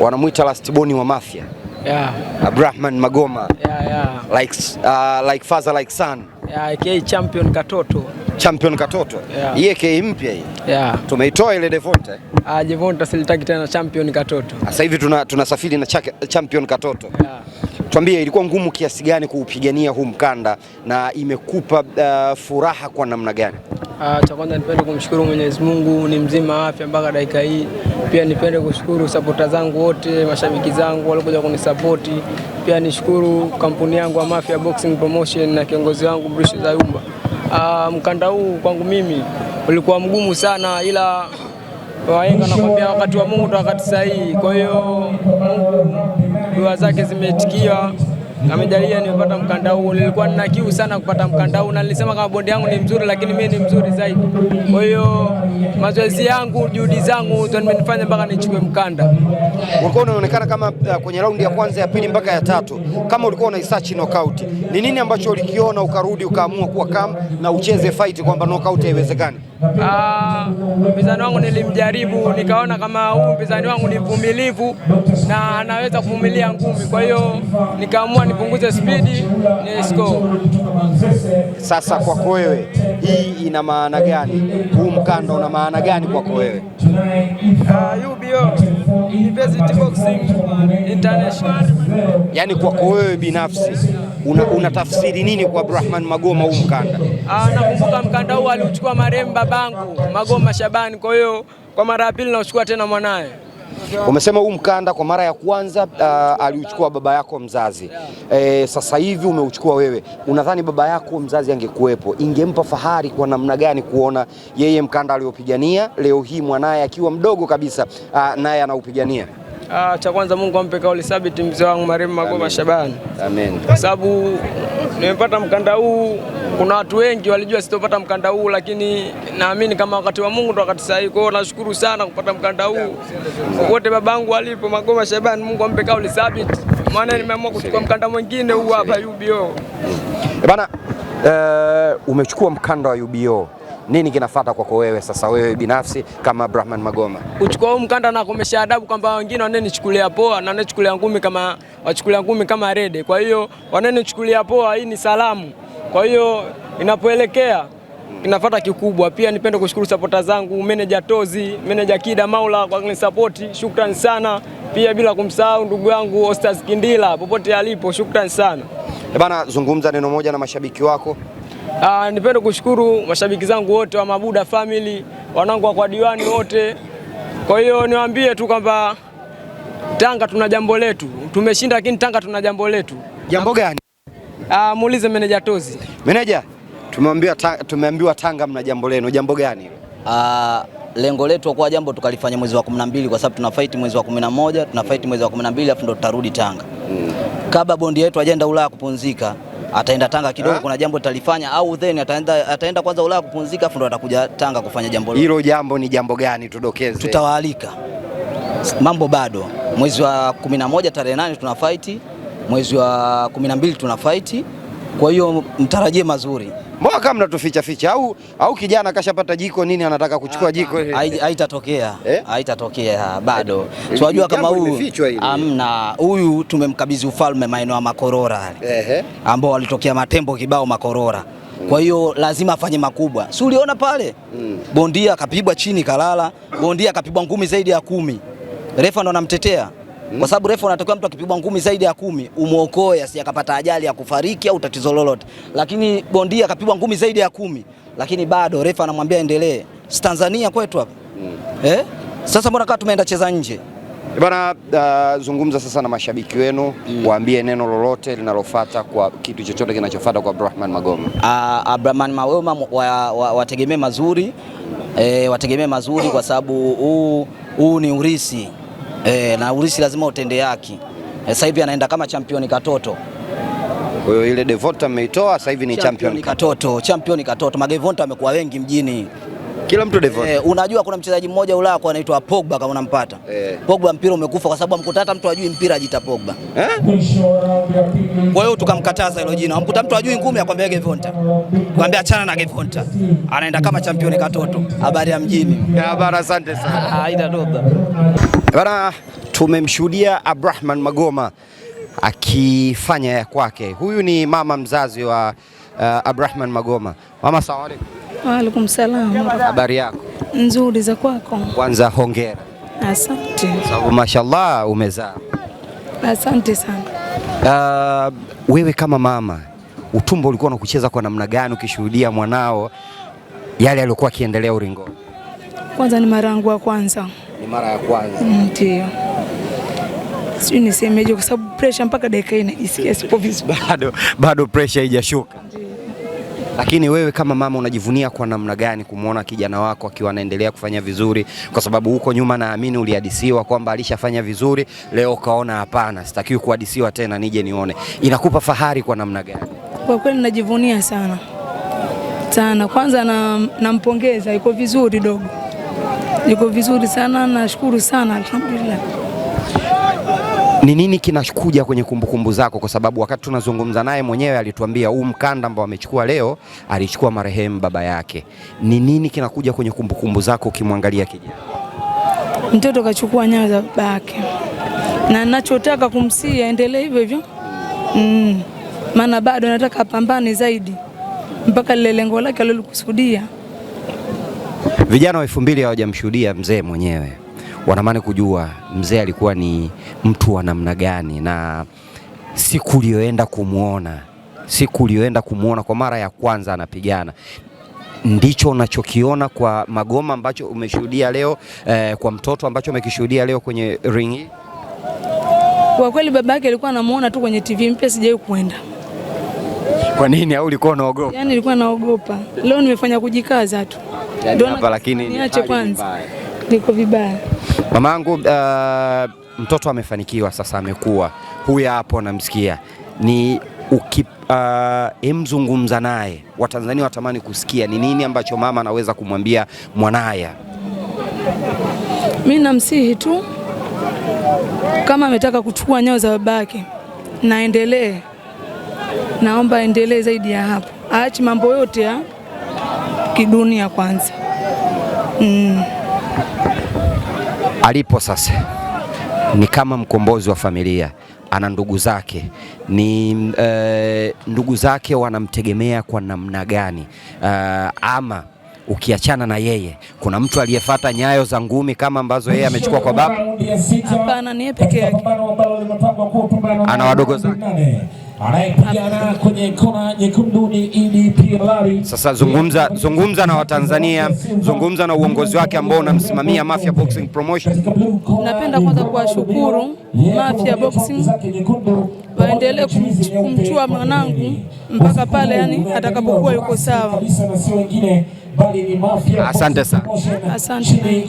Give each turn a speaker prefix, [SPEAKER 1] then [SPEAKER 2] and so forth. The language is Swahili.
[SPEAKER 1] wanamwita last boni wa Mafia. Yeah. Abrahman Magoma.
[SPEAKER 2] Yeah, yeah.
[SPEAKER 1] Like, uh, like father like son.
[SPEAKER 2] Yeah, aka champion Katoto.
[SPEAKER 1] Champion Katoto. Yeah. Yeye mpya hii. Yeah. Tumeitoa ile Devonte.
[SPEAKER 2] Ah, Devonte silitaki tena champion Katoto.
[SPEAKER 1] Sasa hivi tuna tunasafiri na chake, champion Katoto. Yeah. Tuambie ilikuwa ngumu kiasi gani kuupigania huu mkanda na imekupa uh, furaha kwa namna gani?
[SPEAKER 2] Ah, cha kwanza nipende kumshukuru Mwenyezi Mungu ni mzima afya mpaka dakika hii. Pia nipende kushukuru sapota zangu wote, mashabiki zangu waliokuja kunisapoti. Pia nishukuru kampuni yangu ya Mafia Boxing Promotion na kiongozi wangu Bruce Zayumba. Ah, mkanda huu kwangu mimi ulikuwa mgumu sana, ila wahenga nakwambia, wakati wa Mungu ndo wakati sahihi. Kwa hiyo Mungu dua zake zimetikia amejalia nimepata mkanda huu. Nilikuwa nina kiu sana kupata mkanda huu, na nilisema kama bondi yangu ni mzuri, lakini mimi ni mzuri zaidi. Kwa hiyo mazoezi yangu, juhudi zangu ndio nimenifanya mpaka nichukue mkanda.
[SPEAKER 1] Ulikuwa unaonekana kama uh, kwenye raundi ya kwanza, ya pili mpaka ya tatu, kama ulikuwa una isachi knockout. Ni nini ambacho ulikiona ukarudi ukaamua kuwa kam na ucheze fight kwamba knockout haiwezekani?
[SPEAKER 2] Ah, mpinzani wangu nilimjaribu, nikaona kama huu mpinzani wangu ni mvumilivu na anaweza kuvumilia ngumi, kwa hiyo nikaamua nipunguze spidi ni score.
[SPEAKER 1] Sasa kwako wewe hii ina maana gani? Huu mkanda una maana gani kwako wewe?
[SPEAKER 2] Uh, UBO University Boxing International,
[SPEAKER 1] yani kwako wewe binafsi una, una tafsiri nini kwa Abdurahman Magoma huu mkanda?
[SPEAKER 2] Ah, nakumbuka mkanda huu aliuchukua marehemu babangu Magoma Shabani, kwa hiyo kwa mara ya pili nauchukua tena mwanaye.
[SPEAKER 1] Umesema huu mkanda kwa mara ya kwanza uh, aliuchukua baba yako mzazi yeah. E, sasa hivi umeuchukua wewe, unadhani baba yako mzazi angekuwepo ingempa fahari kwa namna gani kuona yeye mkanda aliopigania leo hii mwanaye akiwa mdogo kabisa uh, naye anaupigania?
[SPEAKER 2] Ah, cha kwanza Mungu ampe kauli thabiti mzee wangu marehemu Magoma Shabani. Amen. Kwa sababu nimepata mkanda huu, kuna watu wengi walijua sitopata mkanda huu, lakini naamini kama wakati wa Mungu ndo wakati sahihi. Kwa hiyo nashukuru sana kupata mkanda huu. Wote babangu alipo Magoma Shabani, Mungu ampe kauli thabiti, maana nimeamua kuchukua mkanda mwingine huu hapa UBO.
[SPEAKER 1] Eh, bana, uh, umechukua mkanda wa UBO nini kinafata kwako wewe sasa, wewe binafsi kama Abdrahman Magoma?
[SPEAKER 2] Uchukua huu mkanda na kumesha adabu kwamba wengine wananichukulia poa na wananichukulia ngumi kama wachukulia ngumi kama rede, kwa hiyo wananichukulia poa, hii ni salamu. Kwa hiyo inapoelekea kinafata kikubwa. Pia nipende kushukuru supporta zangu meneja Tozi, meneja Kida Maula kwa kunisapoti, shukrani sana. Pia bila kumsahau ndugu yangu Ostas Kindila popote alipo, shukrani sana.
[SPEAKER 1] Bana, zungumza neno moja na mashabiki wako.
[SPEAKER 2] Uh, nipende kushukuru mashabiki zangu wote wa Mabuda family, wanangu wa kwa diwani wote. Kwa hiyo niwaambie tu kwamba Tanga tuna jambo letu, tumeshinda lakini Tanga tuna jambo letu. Jambo gani? Uh, muulize meneja Tozi.
[SPEAKER 1] Meneja, tumeambiwa tumeambiwa Tanga mna jambo lenu, jambo gani?
[SPEAKER 3] Uh, lengo letu kwa jambo tukalifanya mwezi wa 12 kwa sababu tuna fight mwezi wa 11, tuna fight mwezi wa 12 afu ndo tutarudi Tanga mm. Kabla bondi yetu ajaenda Ulaya kupumzika, ataenda Tanga kidogo, kuna jambo litalifanya au then ataenda, ataenda kwanza Ulaya kupumzika, afu ndo atakuja Tanga kufanya jambo
[SPEAKER 1] lolote. Hilo jambo ni jambo gani? Tudokeze,
[SPEAKER 3] tutawaalika. Mambo bado, mwezi wa 11 tarehe nane tuna fight, mwezi wa 12 tuna fight kwa hiyo mtarajie mazuri.
[SPEAKER 1] Mbona kama mnatuficha ficha au, au kijana kashapata jiko nini anataka kuchukua ah, jiko?
[SPEAKER 3] Haitatokea, eh? haitatokea bado. Eh, unajua kama huyu amna, huyu tumemkabidhi ufalme maeneo ya Makorora ambao walitokea matembo kibao Makorora mm. kwa hiyo lazima afanye makubwa, si uliona pale mm. Bondia akapigwa chini kalala, bondia akapigwa ngumi zaidi ya kumi, refa ndo anamtetea Hmm? kwa sababu refa unatokea mtu akipigwa ngumi zaidi ya kumi umuokoe asije akapata ajali ya kufariki au tatizo lolote, lakini bondia akapigwa ngumi zaidi ya kumi lakini bado refa anamwambia endelee. Si Tanzania kwetu hapa mm. eh? Sasa mbona kama tumeenda cheza nje
[SPEAKER 1] eh, bana? Uh, zungumza sasa na mashabiki wenu mm. waambie neno lolote linalofuata kwa kitu chochote kinachofuata kwa Abdurahman Magoma.
[SPEAKER 3] Uh, ah, Abdurahman Magoma wategemee wa, wa mazuri eh, wategemee mazuri kwa sababu huu ni urisi e, na urithi lazima utende haki. Eh, sasa hivi anaenda kama champion katoto.
[SPEAKER 1] Kwa hiyo ile Devonta ameitoa sasa hivi ni champion
[SPEAKER 3] katoto, champion katoto. Magevonta amekuwa wengi mjini
[SPEAKER 1] kila mtu Devonta. Eh,
[SPEAKER 3] unajua kuna mchezaji mmoja Ulaya kwa anaitwa Pogba kama unampata. Eh. Pogba mpira umekufa kwa sababu amkuta hata mtu ajui mpira ajita Pogba. Eh? Kwa hiyo tukamkataza hilo jina. Amkuta mtu ajui ngumi akwambia Gevonta. Kwambia achana na Gevonta. Anaenda kama champion katoto. Habari ya mjini.
[SPEAKER 1] Ya habari asante sana. Ah,
[SPEAKER 3] haida doba.
[SPEAKER 1] Bana, tumemshuhudia Abrahman Magoma akifanya ya kwake. Huyu ni mama mzazi wa uh, Abrahman Magoma. Mama, asalamu alaykum.
[SPEAKER 4] Wa alaykum salaam.
[SPEAKER 1] Habari yako?
[SPEAKER 4] Nzuri, za kwako?
[SPEAKER 1] Kwanza hongera.
[SPEAKER 4] Asante.
[SPEAKER 1] Sababu mashallah umezaa.
[SPEAKER 4] Asante sana.
[SPEAKER 1] Uh, wewe kama mama utumbo ulikuwa unakucheza kwa namna gani ukishuhudia mwanao yale aliyokuwa akiendelea uringo?
[SPEAKER 4] Kwanza ni mara yangu ya kwanza
[SPEAKER 1] ni mara ya kwanza.
[SPEAKER 4] Mm, ndio. Sijui nisemeje kwa sababu pressure mpaka dakika hii najisikia sipo
[SPEAKER 1] vizuri. Bado bado pressure haijashuka. Lakini wewe kama mama unajivunia kwa namna gani kumwona kijana wako akiwa anaendelea kufanya vizuri? Kwa sababu huko nyuma naamini ulihadisiwa kwamba alishafanya vizuri, leo ukaona hapana, sitakiwi kuhadisiwa tena, nije nione. Inakupa fahari kwa namna gani?
[SPEAKER 4] Kwa kweli najivunia sana sana, kwanza nampongeza, na iko vizuri dogo Niko vizuri sana, nashukuru sana alhamdulillah.
[SPEAKER 1] Ni nini kinakuja kwenye kumbukumbu kumbu zako? Kwa sababu wakati tunazungumza naye mwenyewe alituambia huu mkanda ambao amechukua leo alichukua marehemu baba yake. Ni nini kinakuja kwenye kumbukumbu kumbu zako ukimwangalia kijana?
[SPEAKER 4] Mtoto kachukua nyayo za baba yake, na nachotaka kumsii aendelee hivyo hivyo, mm. maana mm, bado nataka apambane zaidi mpaka lile lengo lake alilokusudia.
[SPEAKER 1] Vijana wa elfu mbili hawajamshuhudia mzee mwenyewe, wanamani kujua mzee alikuwa ni mtu wa namna gani, na siku uliyoenda kumwona, siku uliyoenda kumwona kwa mara ya kwanza anapigana ndicho unachokiona kwa Magoma ambacho umeshuhudia leo eh, kwa mtoto ambacho umekishuhudia leo kwenye ringi?
[SPEAKER 4] Kwa kweli babake alikuwa anamuona tu kwenye TV mpya, sijawahi kuenda
[SPEAKER 1] kwa nini au ulikuwa unaogopa?
[SPEAKER 4] Yaani nilikuwa naogopa. Leo nimefanya kujikaza tu.
[SPEAKER 1] Yaani hapa lakini
[SPEAKER 4] niache kwanza. Niko vibaya.
[SPEAKER 1] Mamangu, uh, mtoto amefanikiwa sasa amekuwa. Huyu hapo namsikia. Ni uki uh, naye Watanzania watamani kusikia ni nini ambacho mama anaweza kumwambia mwanaya.
[SPEAKER 4] Mimi namsihi tu kama ametaka kuchukua nyao za babake, naendelee naomba endelee zaidi ya hapo, aache mambo yote ya kidunia kwanza. mm.
[SPEAKER 1] Alipo sasa ni kama mkombozi wa familia, ana ndugu zake ni e, ndugu zake wanamtegemea kwa namna gani? E, ama ukiachana na yeye kuna mtu aliyefuata nyayo za ngumi kama ambazo yeye amechukua kwa baba?
[SPEAKER 4] Hapana, ni yeye peke yake,
[SPEAKER 1] ana wadogo zake anayepigana kwenye kona nyekundu ni Idi Sasa zungumza, zungumza na Watanzania, zungumza na uongozi wake ambao unamsimamia Mafia Boxing Promotion.
[SPEAKER 4] Napenda kwanza kuwashukuru Mafia Boxing, waendelee kumchua mwanangu mpaka pale, yani atakapokuwa yuko sawa. Asante sana, asante.